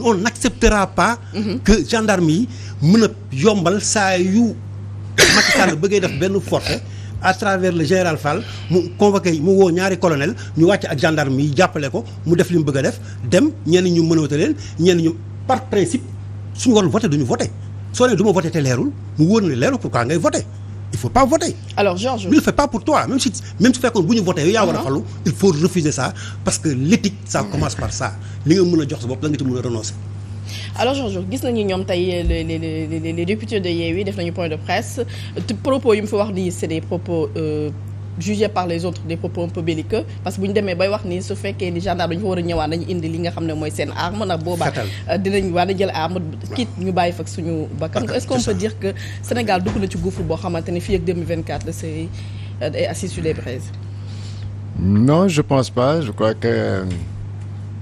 on n'acceptera pas mhm. que gendarme yi mën a yombal saa yu Macky Sall bëggee def benn forfait à travers le général Fall mu convoqué mu woo ñaari colonel ñu wàcc ak gendarme yi jàppale ko mu def li mu bëgg a def dem ñenn ñu mën a ñenn ñu par principe suñu warul voté duñu voté soo nee du ma voté te leerul mu wóor ne leerul pourquoi ngay voté il faut pas voter. alors Georges ne le fais pas pour toi même si même su fekkoon bu ñu voté yow yaa war a xalu il faut refuser ça parce que l'éthique ça commence par ça li nga mën a jox sa bopp la nga ci mën a renoncer. alors Georges gis nañu ñoom tey les les les députés de Yewwi def nañu point de presse propos yu mu fa wax nii c'est des propos. Euh, jugé par les autres parce que bu ñu demee bay wax ni su fekkee ni gendarme dañu fa war a ñëwaat nañu indi li nga xam ne mooy seen arme nag boobaa euh, dinañ waa dañ jël arme ñu bàyyi fak suñu bakkan est-ce qu'on dugg na ci gouffre boo xamante ne fii ak 2024 la série euh, est assise sur les je pense pas je crois que euh,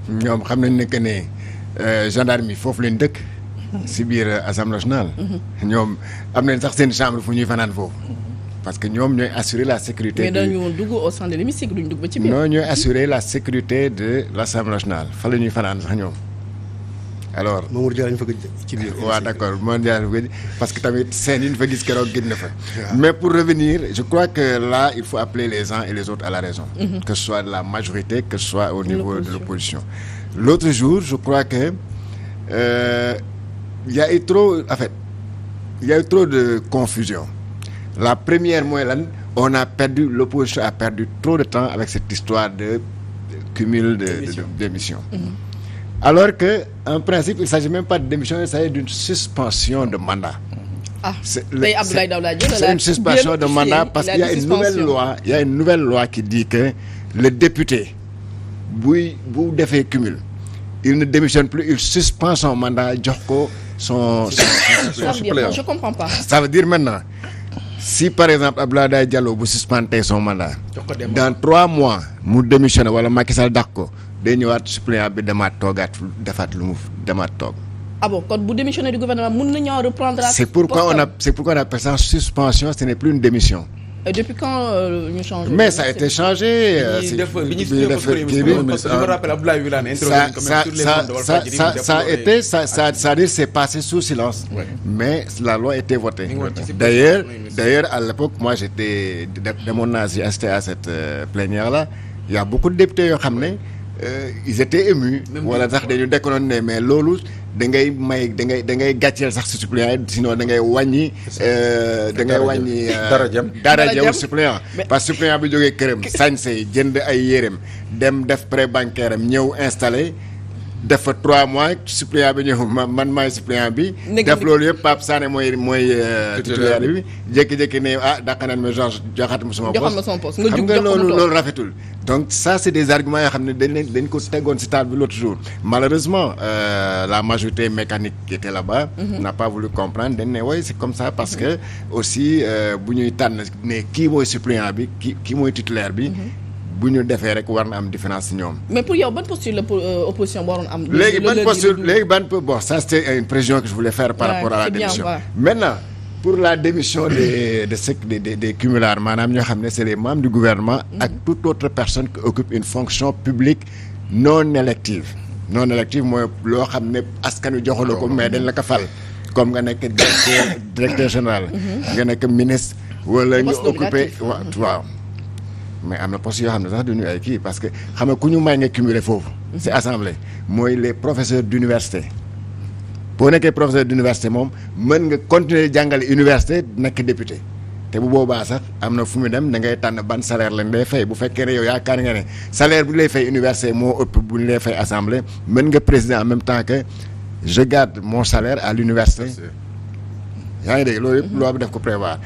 ñoom xam nañ ne que ne gendarme yi foofu leen dëkk si biir assemblée nationale mhm. ñoom am nañ sax seen chambre fu ñuy fanaan foofu parce que ñoom ñooy assurer la sécurité. mais dañu woon dugg au centre de l'hémicycle duñ la nationale fa la ñuy fanaan sax ñoom alors. Mamour Diarra ñu ci biir. waaw d'accord Mamour Diarra parce que tamit seen yi fa gis keroog fa. mais pour revenir je crois que là il faut appeler les uns et les autres à la raison. Mm-hmm. que ce soit de la majorité que ce soit au niveau de l'opposition. l'autre jour je crois que euh, il y a eu trop en fait il y a eu trop de confusion. la première mooy lan on a perdu l'opposition a perdu trop de temps avec cette histoire de cumul de démission mhm. alors que en principe il s'agit même pas de démission il s'agit d'une suspension de mandat ah c'est une suspension de mandat parce qu'il y a une nouvelle loi a une qui dit que le député buy bu defee cumul il ne démissionne plus il suspend son mandat jox ko son, son, son, son suppléant je comprends pas ça veut dire maintenant si par exemple Abdoulaye Diallo bu suspendé son mandat. dans trois mois mu démissionné wala Macky Sall dàq ko day ñëwaat suppléant bi demaat toogaat defaat lu mu demaat toog. ah bon kon bu démissionné du gouvernement mun na ñoo reprendre. c'est pourquoi on a c'est pourquoi on appelle ça suspension ce n'est plus une démission. Et depuis quand euh, mais ça a été changé. bi ñuy euh, def kii bi mais euh, ça ça ça ça ça a été ça ça c'est-à-dire c'est passé sous silence. mais la loi était votée. d'ailleurs à l'époque moi j'étais demoon naa si assisté à cette plénière là il a beaucoup de députés yoo xam ne ils étaient émus. wala sax dañu déconné mais loolu. da ngay may da ngay da ngay gàcceel sax si suppléant sinon da ngay wàññi. Euh, da ngay wàññi euh, daraja daraja suppléant parce que suppléant bi jógee këram sañse jënd ay yéreem dem def prêt bancaire am ñëw installé. def fa trois mois suppléant bi ñëw man maay suppléant bi. def loolu yëpp Pape Sané mooy mooy. Euh, titulaire bi jékki-jékki ne ah dàq nañ ma Georges joxaat ma sama poste. sama xam nga loolu loolu rafetul. donc ça c' est des arguments yoo xam ne dañ leen dañ ko tegoon si taal bi l' jour malheureusement euh, la majorité mécanique qui était là ba mhm. n'a pas voulu comprendre dañ ne waaye c' comme ça parce mm -hmm. que aussi euh, bu ñuy tànn ne kii mooy suppléant bi kii kii mooy titulaire bi. Mhm. bu ñu defee rek war na am différence ñoom. mais pour yow ban posture la pour euh, opposition waroon am. léegi ban posture léegi ban bon ça c'était une précision que je voulais faire. par rapport à la démission maintenant. pour la démission de ce des des, maanaam ñoo xam ne c'est les membres du gouvernement. Mm-hmm. ak toute autre personne qui occupe une fonction publique non élective. non élective mooy loo xam ne askan wi joxu ko mais dañ la ko fal comme nga nekk directeur directeur général. Mm-hmm. nga nekk ministre. wala nga mais am na poste yoo xam ne sax duñu ay kii parce que xam nga ku ñu may nga cumuler foofu si assemblée mooy les professeurs d'université boo nekkee professeur d'université moom mën nga continuer jàngale université nekk député te bu boobaa sax am na fu mu dem da ngay tànn ban salaire lañ lay fay bu fekkee ne yow yaakaar nga ne salaire bu lay fay université moo ëpp bu ñu lay fay assemblée mën nga président en même temps que je garde mon salaire à l'université yaa ngi dégg loolu yëpp loi bi def ko prévoir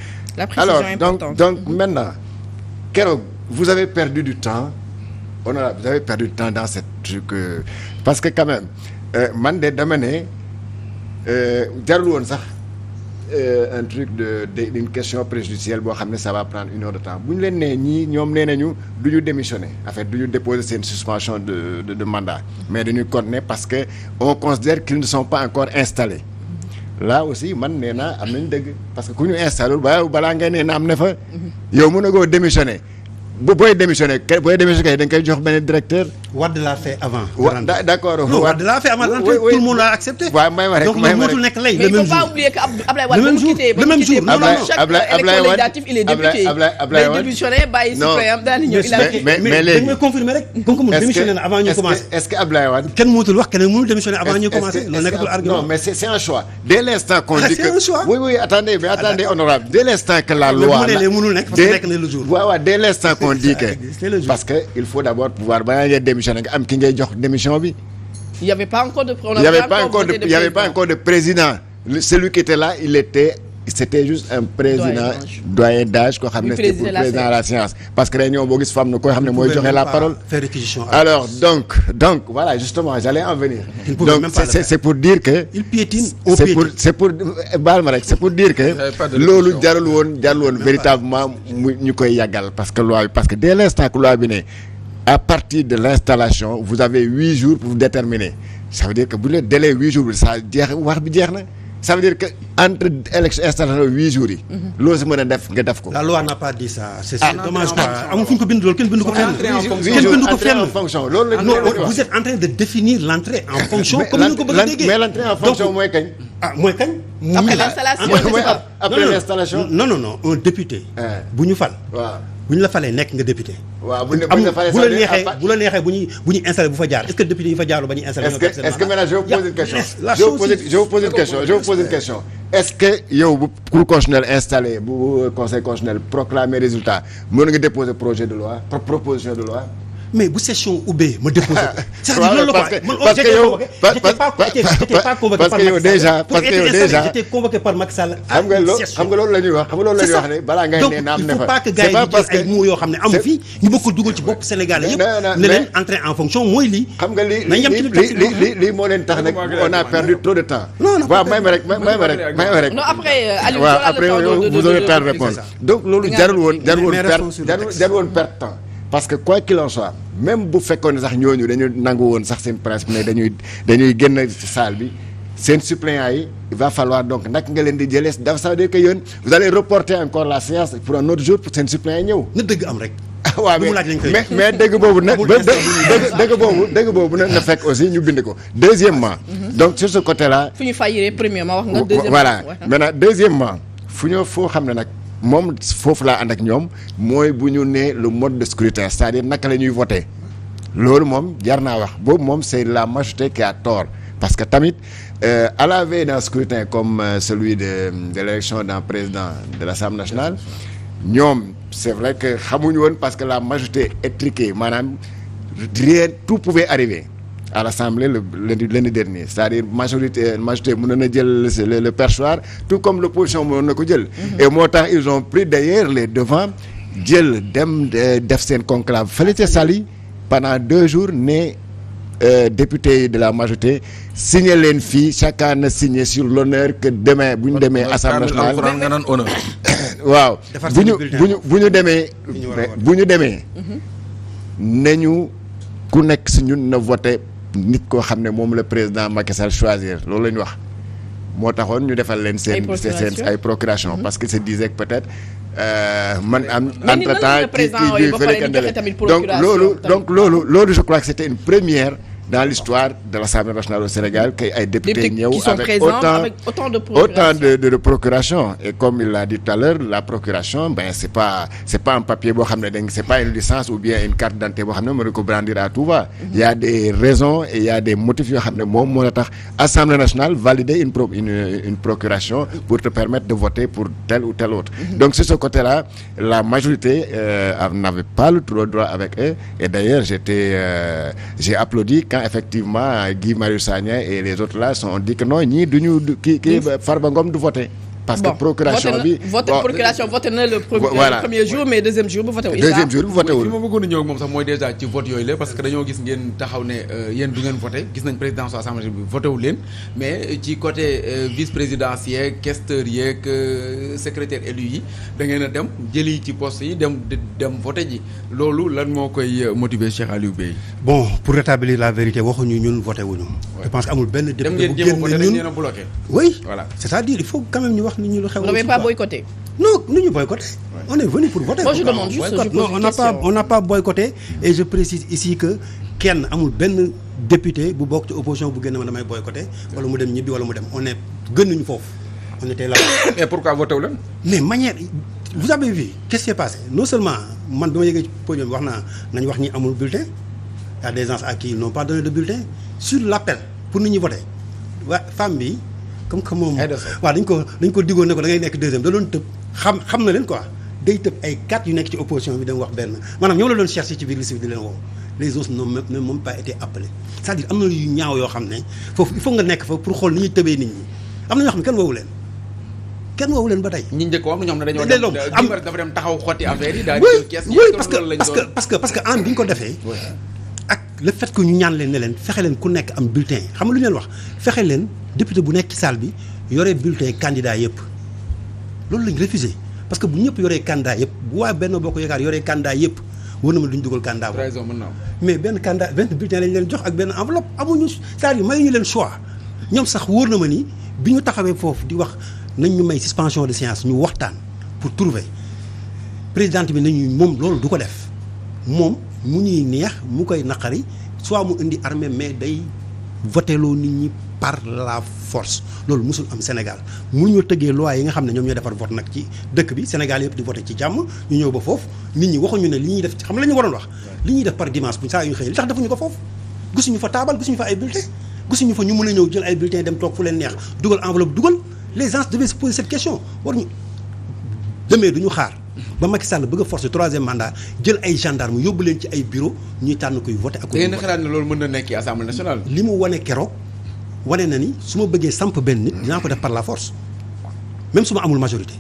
alors donc donc maintenant keroog vous avez perdu du temps on a vous temps dans cette truc euh, parce que quand même euh, man de dama ne euh, jarul woon sax euh, un truc de, de une question préjudicielle boo xam ne ça va prendre une heure de temps bu ñu leen nee ñii ñoom nee nañu du ñu démissionner en fait du ñu déposer seen suspension de, de de mandat mais dañuy continuer parce que on considère qu'ils ne sont pas encore installés là aussi man nee naa am nañ dëgg parce que ku ñu installé balaa balaa nga nee na am na fa mm-hmm. yow mën a koo démissionner bu booy démissionné kay booy démissionné kay da nga koy jox benn directeur. Wade laa fait avant. d' accord Wade laa fait avant tout le monde a accepté. waaw may ma rek donc moom mënatul nekk lay. le même jour mais il faut pas oublier que Ablaye Wade ba mu quitté ba mu quitté non non non chaque élection législative il est député day démissionné bàyyi suppléant daal di ñëw il a. mais mais léegi dañ may confirmer rek. comme que moom démissionné na avant ñu commencé. est ce que Ablaye Wade. kenn mënatul wax kenn mënul démissionné avant ñu commencé. loolu nekkatul argument non mais c' est un choix. dès l' instant qu' on ah, dit que ah c' est un choix. oui oui attendez mais ah, attendez honorable dès l' instant que la loi. mais bu ma nee lee mënul nekk parce que nekk na le jour. waaw waaw dès l' instant on dit que parce que il faut d'abord pouvoir balaa ngay démissionner nga am ki ngay démission bi. il y avait pas encore de président celui qui était là il était c'était juste koo xam ne c'était pour président de la séance parce que réunion boo gis fam na koo xam ne mooy joxe la parole alors donc donc voilà justement j'allais en venir donc c'est c'est pour dire que il piétine c'est pour c'est pour ma rek c'est pour dire que loolu jarul woon jarul véritablement mu ñu koy yàggal parce que loi parce que dès l'instant que loi bi ne à partir de l'installation vous avez huit jours pour déterminer ça veut dire que bu ñu huit jours bi jeex wax bi jeex na ça veut dire que entre élection installation huit jours yi. loo si mën a def nga def ko. la loi n'a pas dit ça. c'est ah. dommage fu ñu ko bind loolu kenn bindu ko fenn. kenn bindu ko fenn. loolu la vous êtes en train de définir l'entrée en fonction. comme ni ñu ko bëgg a déggee mais l'entrée en fonction mooy kañ. ah mooy kañ. Mmh. après l'installation non non non un député. Eh. bu ñu fal. waaw bu ñu la falee nekk nga député. waaw bu la falee bu la neexee bu la neexee bu bu ñuy installé bu fa jaar est que député yi fa jaarul ba ñuy installé. est-ce que maintenant je pose une question. la pose une question est que yow bu cour constitutionnel bu euh, conseil constitutionnel proclamer résultat mën nga déposer projet loi proposition de loi. mais bu session ubbee ma déposé ko. c'est-à-dire loolu la quoi man on oh, j'étais convoqué j'étais pas convoqué par Macky Sall pour être sincère j'étais convoqué par Macky Sall xam nga loolu xam nga loolu la ñuy wax xam nga loolu la ñuy wax ne balaa ngay ne naam ne fa donc il faut pas que gars yi di jël ay mots yoo xam ne amu fi ñu bëgg ko dugal ci bopp Sénégalais yëpp ne leen entrer en fonction mooy lii xam nga lii lii lii moo leen tax nag on a perdu trop de temps waaw may ma rek may ma rek may ma rek non après waaw après vous aurez le temps de répondre donc loolu jarul woon jarul woon perte jarul woon perte temps parce que quoi qu'il en soit même bu fekkoon ne sax ñooñu dañu nangu woon sax seen principe ne dañuy dañuy génn saal bi seen suppléants yi il va falloir donc nag nga leen di jëlee ça veut dire que yéen vous reporter encore la séance pour un autre jour pour seen suppléants yi ñëw. na dëgg am rek. waaw mais mais dëgg boobu nag dëgg boobu dëgg boobu nag na fekk aussi ñu bind ko deuxièmement mhm. Mhm. donc sur ce côté là. fu ñu fayiree premièrement wax nga deuxièmement voilà deuxièmement fu ñoo foo xam ne nag. moom foofu laa ànd ak ñoom mooy bu ñu nee le mode de scrutin cest à naka la ñuy voté loolu moom jar naa wax boobu moom c'est la majorité qui a tort parce que tamit euh, à la veille scrutin comme euh, celui de de l'élection d'un président de l'Assemblée nationale ñoom c'est vrai que xamuñu woon parce que la majorité étriquée maanaam rien tout pouvait arriver à l'Assemblée le lundi lundi dernier c'est-à-dire majorité majorité mënoon na jël le le perchoir tout comme l'opposition mënoon na ko jël. Mhm. et moo tax ils on pris d'ailleurs les devants jël dem euh, def seen conclave fële ca Saly pendant deux jours ne Euh, député de la majorité signé leen fii chaque ann na signé sur l'honneur que demain bu ñu demee assemblée nationale waaw bu ñu bu ñu bu ñu demee bu ñu demee mhm. nañu ku nekk si ñun na voté nit koo xam ne moom la président Macky Sall choisir loolu la ñu wax moo taxoon ñu defal leen seen seen ay procuration parce que se disait que peut-être euh, man am entre temps ki kii fële loolu donc loolu loolu je crois que c'était une première dans l'histoire de l'Assemblée nationale au Sénégal kay ay députés ñëw avec autant de procuration et comme il l'a dit tout à l'heure la procuration ben c'est pas un papier boo xam ne da c'est pas une licence ou bien une carte d'identité boo xam ne mën na ko brandir à tout va y a des raisons et y a des motifs yoo xam ne moom moo la tax Assemblée nationale valider une, pro, une une procuration pour te permettre de voter pour tel ou tel autre mm-hmm. donc sur ce côté-là la majorité euh, n'avait pas le droit avec eux et quand effectivement Guy Marius Sagna et les autres là sont dit que ñii du ñu kii far ba ngoom du voter parce que procuration bi vote procuration vote na le premier jour mais deuxième jour bu vote wul deuxième jour ma bëggoon ñëw moom sax mooy déjà ci vote yooyu la parce que dañoo gis ngeen taxaw ne euh, yéen du ngeen vote gis nañ président su assemblée bi vote wul leen mais ci côté euh, vice président yeeg questeur yeeg euh, secrétaire élu yi da ngeen a dem jëli ci poste yi dem dem vote ji loolu lan moo koy motiver Cheikh Aliou Bey bon pour rétablir la vérité waxuñu ñun vote wuñu je pense que amul benn député bu génn ñun oui voilà cest à wax nit ñi lu xew. vous n'avez pas boycotté. non on est venu pour voter. moi je non on n'a on n'a pas boycotté. et je précise ici que kenn amul benn député bu bokk ci opposition bu génn ma damay boycotté wala mu dem ñibbi wala mu dem on est gënuñu foofu on était là. mais pourquoi voté wu leen. mais manière vous avez vu qu'est-ce qui non seulement man bi ma yëgee ci podium wax naa nañu wax ñi amul bulletin y a des gens à qui ils n'ont pas donné de bulletin sur pour nit ñi voté waa femme bi. comme que moom waaw dañ ko dañ ko digoon ne ko da nekk deuxième da doon tëb xam xam na leen quoi day tëb ay quatre yu nekk ci opposition bi dama wax benn maanaam ñoom la doon chercher ci biir liste bi leen woo les autres n'ont même même été appelés cest dire am na yu ñaaw yoo xam ne foofu il nga nekk fa pour xool ni ñuy tëbee nit ñi am na ñoo xam ne kenn woowu leen kenn woowu leen ba tey. ñi njëkk am na que parce bi ñu ko defee. le fait que ñu ñaan leen ne leen fexe leen ku nekk am bulletin xam nga lu ñu leen wax fexe leen député bu nekk ci salle bi yore bulletin candidat yëpp loolu lañ refusé parce que bu ñëpp yoree candidat yëpp bu waa benn boo ko yaakaar yoree candidat yëpp war na ma duñ dugal candidat boobu mais benn candidat benn bulletin lañ leen jox ak benn enveloppe amuñu yu may mayuñu leen choix ñoom sax wóor na ma ni bi ñu taxawee foofu di wax nañ ñu may suspension de séance ñu waxtaan pour trouver présidente bi nañu moom loolu du ko def moom mu ñuy neex mu koy naqari soit mu indi armée mais day voteloo nit ñi par la force loolu musul am Sénégal mënuñu tëggee loi yi nga xam ne ñoom ñoo defar vote nag ci dëkk bi Sénégal yëpp di voté ci jàmm ñu ñëw ba foofu nit ñi waxuñu ne li ñuy def ci xam la ñu waroon wax li ñuy def par dimanche bu saa yu ñu xëy li tax defuñu ko foofu gisuñu fa taabal gisuñu fa ay bulletins gisuñu fa ñu mën a ñëw jël ay bulletins dem toog fu leen neex dugal enveloppe dugal les gens devaient se poser cette question duñu xaar ba Macky Sall bëgg a forcer troisième mandat jël ay gendarme yóbbu leen ci ay bureau ñuy tànn kuy voté ak. da ngeen xalaat ne loolu mën na nekk assemblée nationale. li mu wane keroog wane na ni su ma bëggee samp benn nit dinaa ko def par la force même su ma amul majorité.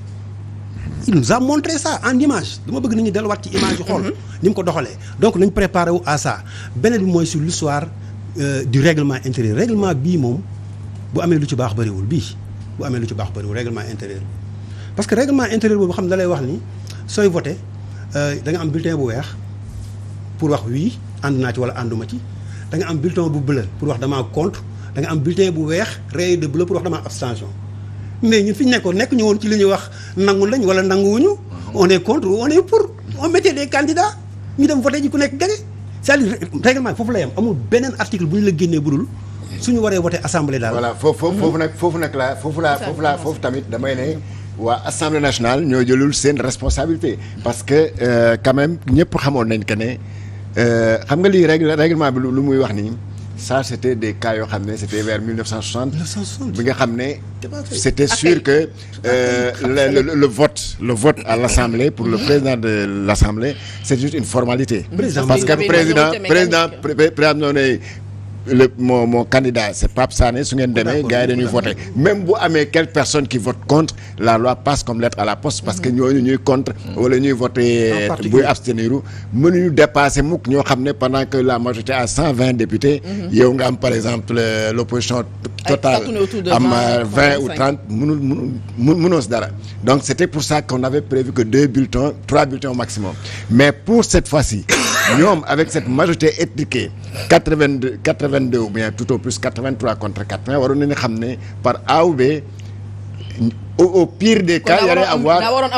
il nous a montré ça en image dama bëgg nit ñi delluwaat ci image yi xool mhm. ni mu ko doxalee donc nañ préparé wu à ça beneen bi mooy sur l'histoire euh, du réglement intérieur règlement bii moom bu amee lu ci baax bëriwul bii bu amee lu ci baax bëriwul règlement intérieur parce que règlement intérieur boobu xam ne da wax ni sooy voté euh, da nga am bulletin bu weex pour wax wii ànd naa ci wala ànduma ci da nga am bulletin bu bule pour wax damaa contre da nga am bulletin bu weex rayé de bleu pour wax damaa abstention mais ñun fi ñu nekkoon nekk ñu woon ci li ñuy wax nangu lañ wala nanguwuñu. Mhm. on est contre on est pour on mettait des candidats ñu dem voté ji ku nekk gagné c'est-à-dire règlement foofu lay am amul beneen article bu ñu la génnee bu su ñu waree voté assemblée daal. voilà foofu mhm. na foofu nag laa foofu laa foofu laa foofu tamit damay waa assemblée nationale ñoo jëlul seen responsabilité. parce que euh, quand même ñëpp xamoon nañ que ne xam nga lii règle règlement bi lu muy wax nii ça c' était des cas yoo xam ne c' était vers 1960. 1960 bi nga xam ne. c' était sûr que euh, le, le le vote le vote à l' assemblée pour le président de l' assemblée c' une formalité. parce que président président président le moo moo candidat c'est Pape Sané su ngeen demee gars yi dañuy voter même bu amee quelques personnes qui votent contre la loi passe comme lettre à la poste parce que mm. ñooñu ñuy contre mm. wala ñuy voter euh, buy abstenir u mënuñu dépasser mukk ñoo xam ne pendant que la majorité a députés mm-hmm. yow nga am par exemple euh, l'opposition totale am vingt euh, ou trente mun mënul mënoo si dara donc c'était pour ça qu'on avait prévu que deux bulletins trois bulletins au maximum mais pour cette 82 ou bien tout au plus 83 contre 80 waroon nañu xam ne par A ou B au au des cas. y aurait avoir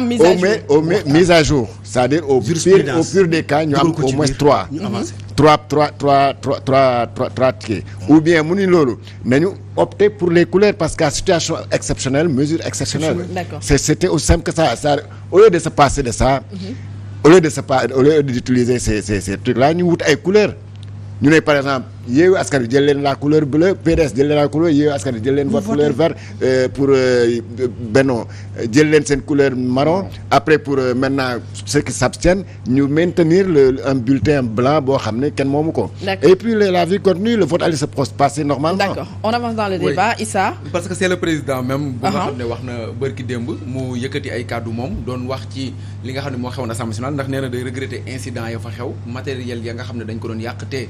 au moins mise à jour c'est-à-dire au pire au pire des cas ñu am au moins 3. ñu avancé 3 3 3 3 3 ou bien mu ni loolu ñu opter pour les couleurs parce que situation exceptionnelle mesure exceptionnelle. d'accord c'est c'était aussi simple que ça au lieu de se passer de ça. Mhm. au lieu de se pa au lieu d'utiliser ces ces ces là ñu wut ay Yewwi Askan Wi jël leen la couleur bleue PDS jël leen la couleur Yewwi Askan Wi jël leen votre couleur vert euh, pour euh, Benno euh, jël leen seen couleur marron après pour maintenant ceux qui s'abstiennent ñu maintenir le un bulletin blanc boo xam ne kenn moomu ko et puis la vie continue le vote allait se passer normalement parce que c'est le président même bu nga uh-huh. xam ne wax na bërki démb mu yëkkati ay kàddu moom doon wax ci li nga xam ne moo xewoon Assemblée nationale ndax nee na day regretter incident ya fa xew matériel ya nga xam ne dañ ko doon yàq te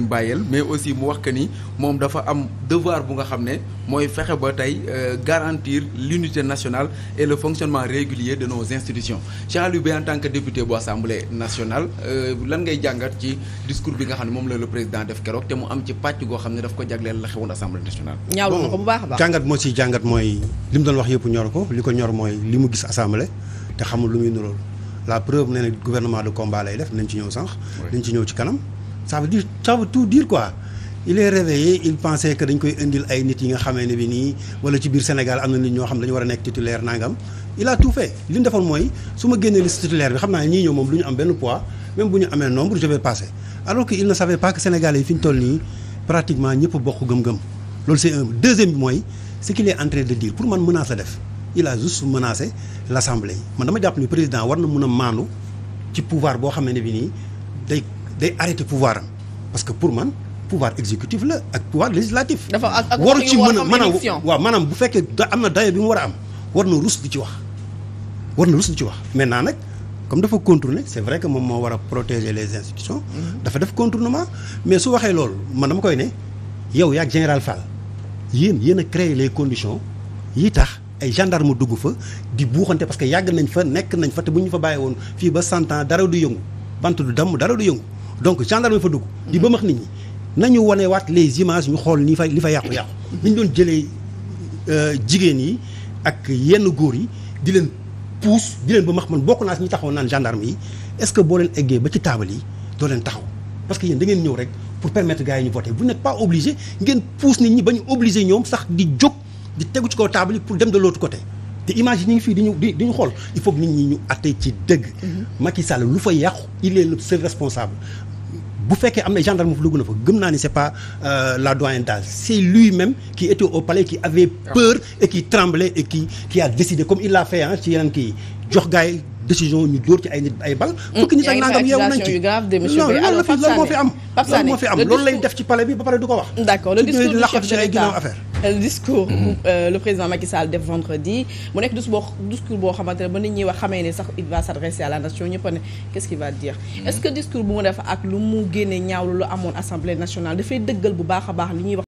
leen bàyyeel mais aussi mu wax que ni moom dafa am devoir bu nga xam ne mooy fexe ba tey euh, garantir l'unité nationale et le fonctionnement régulier de nos institutions Cheikh Aliou tant que député bu assemblée nationale euh, lan ngay jàngat ci discours bi nga xam ne moom la le président def keroog te mu am ci pàcc goo xam ne daf ko jagleel la xewoon assemblée nationale. ñaawlu na ko bu baax a baax jàngat moo ciy jàngat mooy li mu doon wax yëpp ñor ko li ko ñor mooy li mu gis assemblée te xamul lu muy nuróol la preuve nee na gouvernement def nañ ci ñëw sànq. nañ ci ñëw ci kanam. ça veut dire ça veut tout dire quoi il est réveillé il pensait que dañ koy indil ay nit yi nga xamee ne bi nii wala ci biir Sénégal am na nit ñoo xam ne dañu war a nekk titulaire nangam il a tout fait li ñu defoon mooy su ma génnee liste titulaire bi xam naa ñii ñëw moom du ñu am benn poids même bu ñu amee nombre je vais passer alors que il ne savait pas que Sénégalais yi fi ñu toll nii pratiquement ñëpp bokk gëm-gëm loolu c'est un deuxième bi mooy ce qu'il est en train de dire pour man menace la def a juste menacé l'assemblée président war na mën a maandu ci pouvoir boo xamee ne bi nii day day arrêté pouvoir am parce que pour man pouvoir exécutif la ak pouvoir législatif. dafa ak waru ci mën a maanaam waaw maanaam bu fekkee am na dayo bi mu war a am war na rus di ci wax war na rus di ci wax maintenant nag. comme dafa contourner c'est vrai que moom moo war a protéger les institutions. Mm-hmm. dafa def contournement mais su waxee loolu man dama koy ne yow yaa ak général Fall yéen yéen a créer les conditions yi tax ay gendarme dugg fa di buuxante parce que yàgg nañ fa nekk nañ fa bu ñu fa bàyyi woon fii ba cent dara du yëngu bant du damm dara du yëngu. donc gendarme fa dugg. di mhm. ba max nit ñi nañu wane waat les images ñu xool ni fa li fa yàqu-yàqu. Mhm. ni ñu doon jëlee euh, jigéen yi ak yenn góor yi di leen puus di leen ba max man ñu taxaw naan gendarme yi est-ce que boo leen eggee ba ci taabal yi doo leen taxaw que ngeen ñëw rek pour permettre gars yi ñu voter vous n'êtes pas obligé nit ñi ba ñu obligé ñoom sax di jóg di tegu ci pour dem de l'autre côté. te image yi ñu ngi fii di ñu di ñu xool il nit ñi ñu àtte ci dëgg. Mhm. Macky Sall lu fa yàqu il est le seul responsable bu fekkee am na gendarme fu dugg na fa gëm naa ni c'est pas euh, la doyenne d'âge c'est lui-même qui était au palais qui avait ah. peur et qui tremblait et qui a décidé comme il l'a fait ah ci yeneen kii jox gars décision ñu dóor ci ay nit ay bal. Mm, fukki nit ak nangam yeewu nañ ci non la fi loolu moo fi am. loolu moo fi am loolu lay def ci palais bi ba pare du ko wax. d'accord le discours ci ay ginnaaw affaire. Euh, le discours mhm. bu euh, le président Macky Sall def vendredi mu nekk discours boo xamante ne ba nit ñi wax xamee ne sax il va s'adresser à la nation ñëpp qu'est-ce va dire mhm. est discours bu mu def ak lu mu génnee ñaawlu lu amoon assemblée nationale dafay dëggal bu baax a baax li ñuy wax